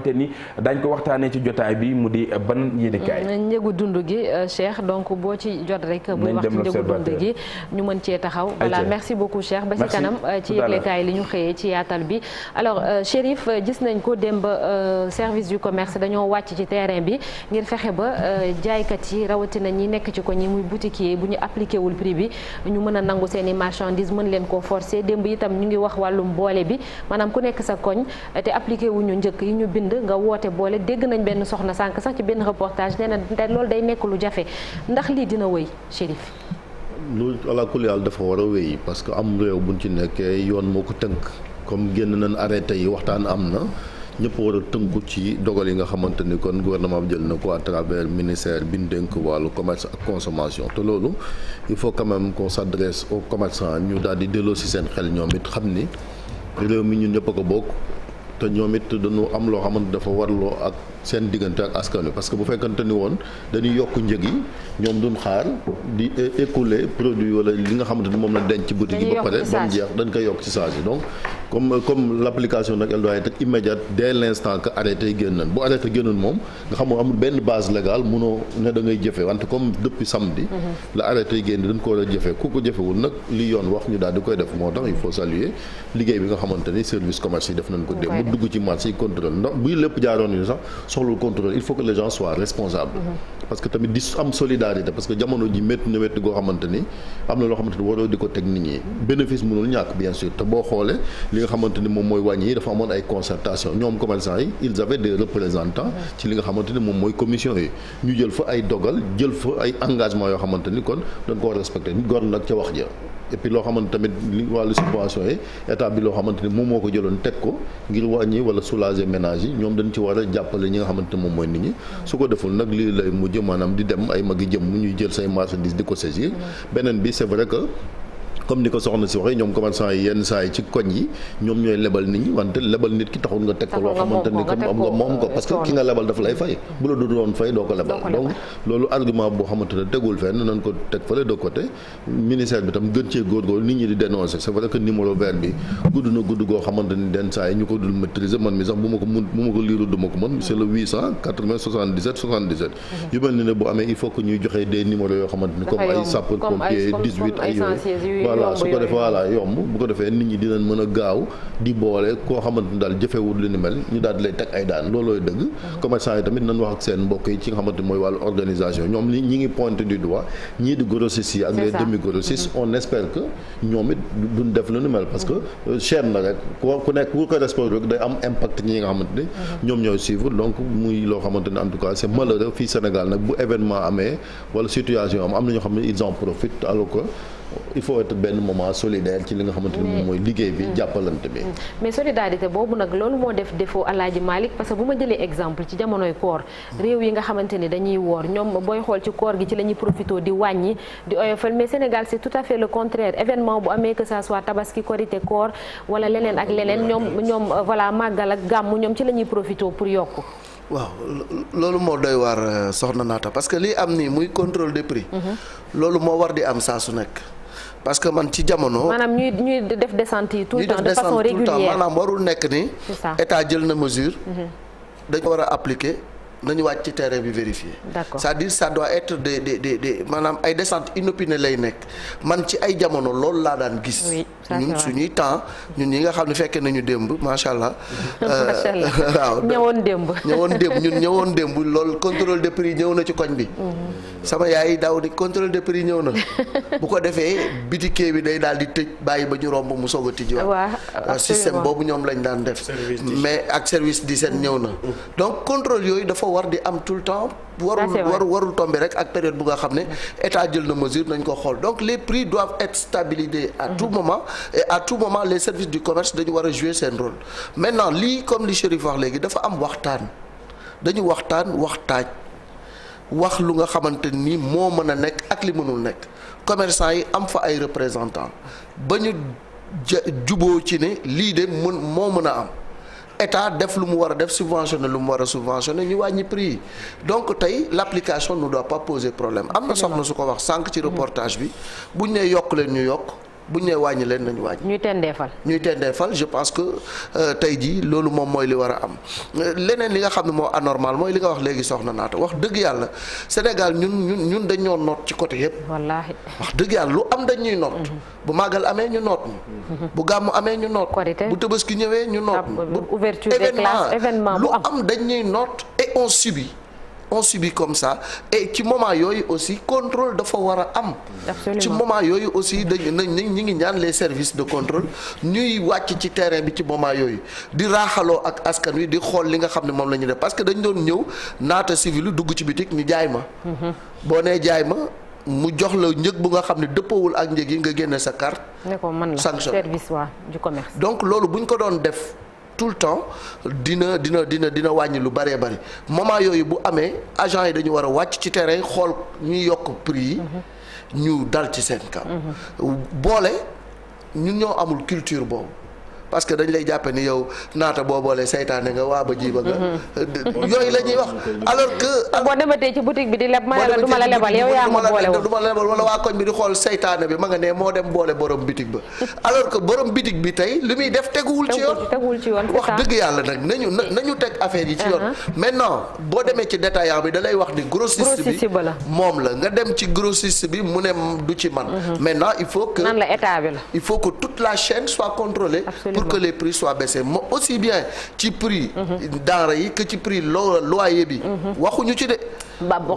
xamante ni dañ ko waxtaanee ci jotaay bi mu di ban yéenekaay mm, njëgu dund gi euh, Cheikh donc boo ci jot rek buy wax ci njëgu dund gi ñu mën cee taxaw voilà merci beaucoup Cheikh ba ci kanam euh, ci yëglekaay li ñu xëyee ci yaatal bi alors euh, Chérif gis nañ ko démb service du commerce dañoo wàcc ci terrain bi ngir fexe ba jaaykat yi rawatina ñi nekk ci ko ñi muy boutique yi bu ñu appliqué wul prix bi ñu mën a nangu seen i marchandise mën leen ko forcé démb itam ñu ngi wax wàllum boole bi maanaam bind nga woote boole dégg nañ benn soxna sànq sax ci benn reportage nee na loolu day nekk lu jafe ndax lii dina woy Chérif. loolu ala kulli yàlla dafa war a wéy parce que am réew buñ ci nekkee yoon moo ko tënk comme génn nañ arrêté yi waxtaan am na ñëpp war a tënku ci dogal yi nga xamante ni kon gouvernement bi jël na ko à travers ministère bi ñu dénk wàllu commerce ak consommation te loolu il faut quand même qu'on s'adresse aux commerçants ñu daal di delloo si seen xel ñoom it xam ni réew mi ñun ñëpp a ko bokk. te ñoom it dañu am loo xamante dafa warloo ak seen diggante ak askan wi parce que bu fekkante ni woon dañuy yokk njëg yi ñoom duñ xaar di écouler produit wala li nga xamante ni moom la denc boutique yi ba pare ba mu jeex dañ koy yokk ci saa si donc comme comme l' nag elle doit être immédiate dès l' instant que arrêté génnoon bu arrêté génnoon moom nga xam amul benn base légale munoo ne da jëfe wante comme depuis samedi. Mhm. la arrêté génn dañ ko war a jëfe ku ko jëfewul nag li yoon wax ñu daal koy def moo tax il faut saluer liggéey bi nga xamante service commerce yi def nañ ko dé mu dugg ci marché yi contrôle ndax lépp jaaroon yu sax soxlul contrôle il faut que les gens soient li nga xamante ni moom mooy wàññi yi dafa amoon ay concertation ñoom commerçant yi ils avaient des représentants ci li nga xamante moom mooy commission yi ñu jël fa ay dogal jël fa ay engagement yoo xamante kon dañ ko respecté nit góor nag ca wax ja et puis loo xamante tamit loo xamante ni moom moo ko jëloon teg ko ngir wàññi wala soulager ménage yi ñoom dañ ci war a jàppale ñi nga xamante moom mooy nit ñi su ko deful nag lii lay mujj maanaam di dem ay magi jëm ñuy jël say marchandises di ko saisir beneen bi comme ni ko soxna si waxee ñoom commerçant yi yenn saa ci koñ yi ñoom ñooy lebal nit ñi wante lebal nit ki taxul nga teg ko loo xamante comme am nga comme ay sapeur ay yooyu voilà su ko defee voilà yomb bu ko defee nit ñi dinañ mën a gaaw di boole koo xamante daal jëfewul li ni mel ñu daal lay teg ay daan loolooy dëgg mm-hmm. commerçant yi tamit nañ wax ak seen mbokk yi ci nga xamante mooy wàllu situation am am na ñoo xam ne ils en profitent alors il faut être benn moment solidaire ci li nga xamante ni moom mooy liggéey bi mm. jàppalante bi. Mm. mais solidarité boobu nag loolu moo def défaut Alaaji Malick parce que bu ma jëlee exemple ci jamonoy koor réew yi nga xamante dañuy woor ñoom booy xool ci koor gi ci la ñuy profité di wàññi di oyofal mais Sénégal c'est tout à fait le contraire événement bu amee que ça soit tabaski korité koor wala leneen ak leneen ñoom ñoom euh, voilà màggal ak gàmmu ñoom ci la ñuy profité pour yokk. waaw loolu moo doy waar euh, soxna naata parce que lii am nii muy contrôle des prix. Mm-hmm. loolu moo war di am saa su nekk. parce que man ci jamono. maanaam ñuy def descente yi tout temps de façon régulière maanaam warul nekk ni. état jël na mesure. Mhm. dañ ko war a nañu wàcc ci terrain bi vérifier. d'accord c'est-à-dire ça doit être des des des des maanaam ay descentes inopinées lay nekk man ci ay jamono loolu laa daan gis. oui ñun suñuy temps ñun ñi nga xam ne fekkee nañu démb macha allah. macha allah euh, waaw ñëwoon démb. ñëwoon démb ñun ñëwoon démb loolu contrôle de prix ñëw na ci koñ bi. Mhm. sama yaay daaw di contrôle de prix ñëw na bu ko defee bitikee bi day daal di tëj bàyyi ba ñu romb mu soog a tijji waaw euh, système boobu ñoom lañ daan def. mais ak service d'hygiène ñëw na mhm. donc contrôle war di am tout le temps. warul warul warul tomber rek ak période bu nga xam ne mm-hmm. état jël na mesure nañ ko xool donc les prix doivent être stabilisés à mm-hmm. tout moment et à moment les services du commerce dañu war a jouer seen rôle maintenant lii comme li Chérif wax léegi dafa am waxtaan dañu waxtaan waxtaaj wax lu nga xamante nii moo mën a nekk ak li mënul nekk commerçant yi am fa ay représentants ba ñu juboo ci ne lii de mën moo mën a am état def lu mu war a def subventionné lu mu war a subventionné wàññi prix yi donc tey l' nu ne doit pas poser problème am na soxna su ko wax sànq ci reportage bi buñ ne yokk leen ñu yokk bu ñu nee wàññi leen nañu wàññi. ñuy tendeefal ñuy tendeefal je pense que euh, tey jii loolu moom mooy li war a am leneen li nga xam ne moo anormal mooy li nga wax léegi soxna naata wax dëgg yàlla Sénégal ñun ñun ñun dañoo noot ci côté yëpp. wallaahi wax dëgg yàlla lu am dañuy noot. Mhm. bu màggal amee ñu noot ñu. Mhm. bu gàmmu amee ñu noot. bu ki ñëwee ñu noot ñu. bu événement bu am lu am dañuy noot et on subit. on subit comme ça et ci moment yooyu aussi contrôle dafa war am. ci moment yooyu aussi dañu nañ ñi ngi ñaan les services de contrôle ñuy wàcc ci terrain bi ci moment yooyu di raaxaloo ak askan wi di xool li nga xam ne moom la ñu def parce que dañ doon ñëw naata civil dugg ci bitik ñu jaay ma. Mhm. boo nee jaay ma. mu jox la njëg bu nga xam ne dëppawul ak njëg yi nga génne sa carte. ne ko man la service donc loolu bu ñu ko doon def. tout le temps dina dina dina dina wàññi lu bëree bëri moment yooyu bu amee agent yi dañu war a wàcc ci tere xool ñuy yokk prix yi ñu dal ci seen kaw mm-hmm. boole ñun ñoo amul culture boobu parce que dañ lay jàppe ni yow naata boo boolee saytaane nga waa ba jiiba nga. yooyu la ñuy wax alors que. boo dematee ci boutique bi di leb ma ne la du ma la lebal yow yaa ma boole woon du ma la waa koñ bi di xool saytaane bi ma nga ne moo dem boole borom bitig ba alors que borom bitig bi tey li muy def teguwul ci yoon wax dëgg yàlla nag na na na ñu teg affaire yi ci yoon. Uh-huh. maintenant boo demee ci détaillant bi da lay wax ni grossiste bi moom la nga dem ci grossiste bi mu ne du ci man uh-huh. maintenant il faut que. nan la la il faut que toute pour que les prix soient baissés moo aussi bien ci prix denrées yi que ci prix lo loyer bi mhm. waxuñu ci de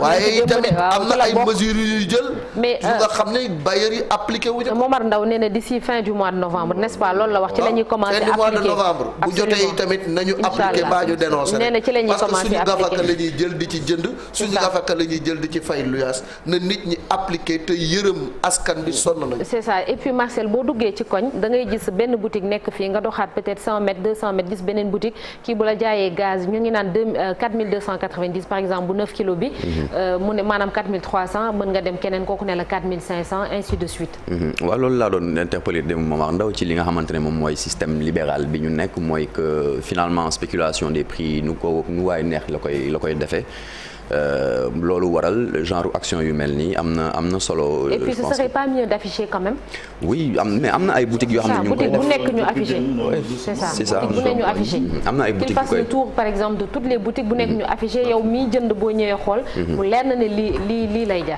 waaye tamit am na ay mesures yu jël yu nga euh, xam ne bailleurs yi appliqué wuñu Momar Ndao nee na d'ici fin du mois de novembre nest pas loolu la wax ci la ñuy commencé bu jotee tamit nañu appliqué baa ñu dénoncé parce que suñu gafaka la jël di ci jënd suñu gafaka la jël di ci fay luyaas na nit ñi appliqué te yërëm askan bi sonn nga doxaat peut-être 100 mètres 200 mètres gis beneen boutique kii bu la jaayee gaz ñu ngi naan 4290 euh, par exemple bu 9 kilo bi. Mhm. Euh, mu ne maanaam 4300 mën nga dem keneen kooku ne la 4500 de suite. Mhm. waaw loolu laa doon interpeller dem Momar Ndao ci li nga xamante ne moom mooy système libéral bi ñu nekk mooy que finalement spéculation des prix nu ko nu waay neex la koy la koy defee. Euh, loolu waral genre action yu mel nii am na am na solo. et ce serait pas mieux d'afficher quand même. oui am mais am na ay boutiques yo xam ne ñu ngi koy def boutique bu nekk ñu affiché.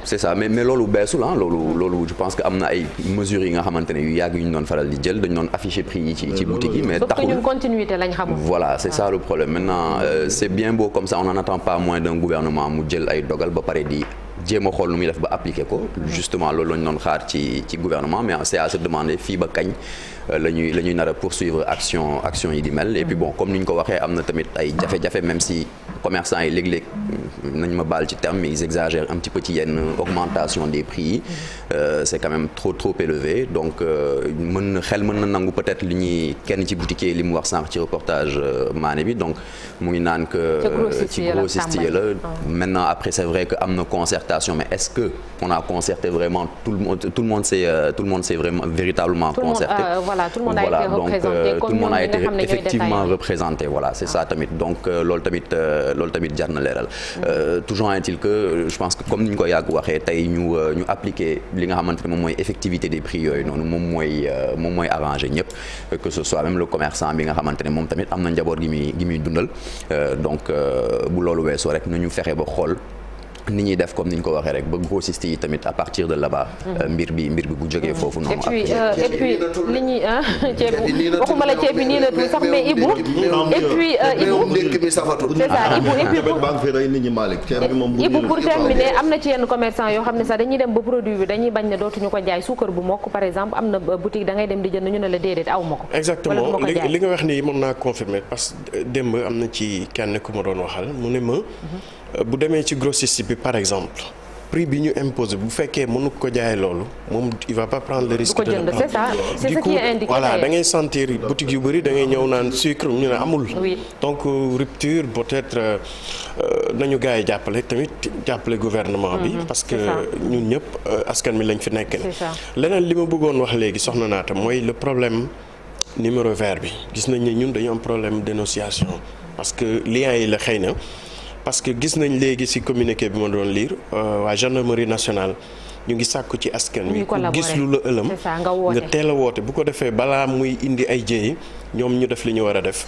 c'est ça c'est mais loolu beesul ah loolu loolu je pense que am na ay mesures yi nga xamante ne yu yàgg yu ñu doon faral di jël dañu doon affiché prix yi ci boutique yi mais taxul ñun continuité lañ xamul. voilà c'est ça le problème maintenant euh, c'est bien beau comme ça on attend pas moins d'un gouvernement mu jël ay dogal ba pare di jéem a xool nu muy def ba appliqué ko justement loolu la ñu doon xaar ci gouvernement mais c'est à se demander fii ba kañ euh, la nar a poursuivre action action yi di puis bon comme ni ñu ko waxee am na tamit ay jafe-jafe même si commerçants yi léeg-léeg mm, nañ ma baal ci terme mais ils exagèrent un petit peu yenn augmentation des prix euh, c'est quand même trop élevé donc euh, xel mën na nangu peut-être li ñuy kenn ci boutiquier li mu wax sànq ci reportage maane bi donc mu ngi concertation, mais est-ce que on a concerté vraiment tout le monde Tout le monde s'est euh, tout le monde s'est vraiment véritablement tout concerté. Monde, euh, voilà, tout le monde a été euh, effectivement représenté. Voilà, c'est ah. ça tamit donc euh, loolu tamit loolu tamit jar na leeral. Mm-hmm. toujours est-il que je pense que comme ni ñu ko yàgg waxee tey ñu ñu appliquer li nga xamante ne moom mooy effectivité des prix yooyu noonu moom mooy moom mooy arrangé ñëpp que ce soit même le commerçant bi nga xamante ne moom tamit am na njaboot gi muy gi muy dundal donc bu loolu weesoo rek nañu fexe ba xool. ni ñuy def comme ni ñu ko waxee rek ba grossiste yi tamit à partir de là mbir bi mbir bu jógee foofu noonu. après et puis li ñuy ceeb bu waxuma la ceeb sax mais Ibou. et puis am na ci yenn commerçant yoo xam ne sax dañuy dem ba produit bi dañuy bañ ne ñu ko jaay suukar bu mokk par exemple am na boutique da ngay dem di jënd ñu ne la déedéet aw ko. exactement li nga wax nii mën naa confirmer parce que démb am na ci kenn ku ma doon waxal mu ne ma. bu demee ci grossiste bi par exemple prix bi ñu imposé bu fekkee mënu ko jaay loolu moom il va pas prendre le risque. de le prendre voilà da ngay sentir boutique yu bëri da ngay ñëw naan sucre ñu ne amul. donc euh, rupture peut-être euh, euh, nañu gars yi jàppale tamit jàppale gouvernement bi. Mhm, parce que ñun ñëpp askan mi lañ fi nekkee. leneen li ma bëggoon wax léegi soxna naatam mooy le problème numéro vert bi gis nañ ni ñun dañu am problème dénonciation parce que liens yi la xëy na. parce que gis nañ léegi ci communiqué bi ma doon liir euh, waa gendarmerie nationale ñu ngi sàkku ci askan wi ku gis lu la ëlëm nga teel a woote bu ko defee balaa muy indi ay jéey ñoom ñu def li ñu war a def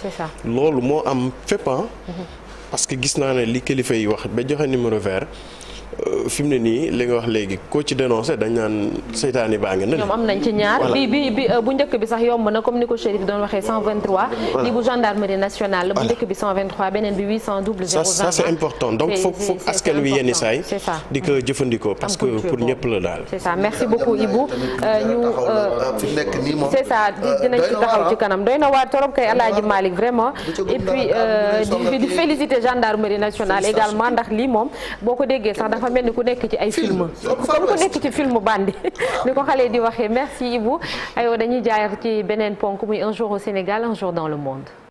loolu moo am fépp ah. mm-hmm. parce que gis naa ne li kilifa yi wax ba joxe numéro vert fi mu ne nii li nga wax léegi koo ci dénoncé dañ naan seytaane baa ngi na ñoom am nañ ci ñaar euh, bu njëkk bi sax yomb na comme ni doon waxee 123 bu gendarmerie nationale bu njëkk bi beneen bi 800 mm. euh, euh, ci taxaw ci kanam doy na waa torop kay Alaaji Malick vraiment et puis di féliciter gendarmerie nationale également ndax lii moom boo ko déggee sax dafa mel ni ku nekk ci ay film comme ku nekk ci film bandi ni ko xale di waxee merci Ibou ayoo dañuy jaar ci beneen ponk muy un jour au Sénégal un jour dans le monde